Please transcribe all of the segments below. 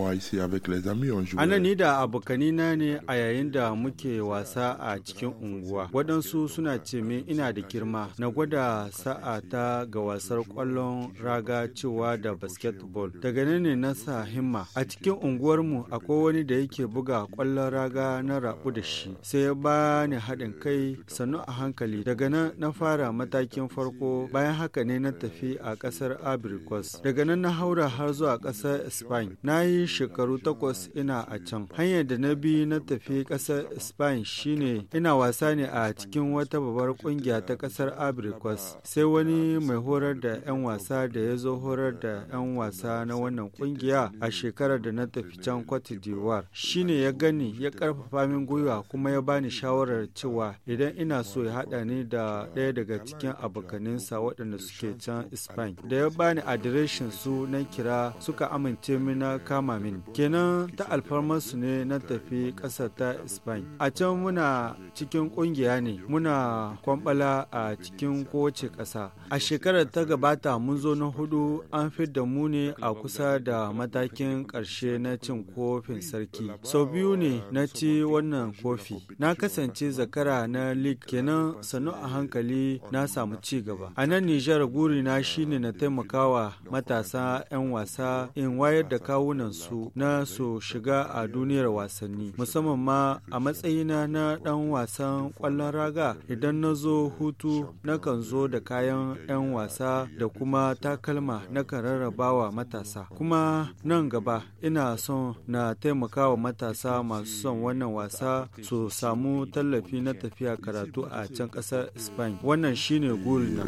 on joue. ni da abokani na ne a yayin da muke wasa a cikin unguwa. Waɗansu suna ce min ina da girma na gwada sa'a ta ga wasar ƙwallon raga cewa da basketball. Daga nan ne na sa himma. A cikin unguwar mu, akwai wani da yake buga ƙwallon raga na rabu da shi. Sai ya bani haɗin kai sannu a hankali. Daga nan na fara matakin farko bayan haka ne na tafi a ƙasar Abrikos. Daga nan na haura har zuwa ƙasar Spain. Na yi shekaru takwas ina a can. Hanyar da na bi na tafi ƙasar Spain shine ina wasa ne a cikin wata babbar kungiya ta kasar abrikos Sai wani mai horar da 'yan wasa da ya zo horar da 'yan wasa na wannan kungiya a shekarar da na tafi can Cote d'Ivoire. Shine ya gani ya karfafa min gwiwa kuma ya bani shawarar cewa idan ina so ya haɗa ni da ɗaya daga cikin abokaninsa waɗanda suke can Spain. Da ya bani adireshin su na kira suka amince na kama amin kenan ta alfarmarsu ne na tafi ƙasar ta spain a can muna cikin ƙungiya ne muna kwambala a cikin kowace ƙasa a shekarar ta gabata mun zo na hudu an fi da mu ne a kusa da matakin ƙarshe na cin kofin sarki sau biyu ne na ci wannan kofi na kasance zakara na league kenan sannu a hankali na samu ci gaba a nan nijar guri na shine na taimakawa matasa 'yan wasa in wayar da kawunan su su na so shiga a duniyar wasanni musamman ma a matsayina na dan wasan kwallon raga idan na zo hutu nakan zo da kayan 'yan wasa da kuma takalma nakan rarrabawa matasa kuma nan gaba ina son na taimakawa matasa masu son wannan wasa su samu tallafi na tafiya karatu a can ƙasar spain wannan shine guri na.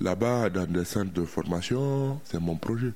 là de formation, c'est mon projet.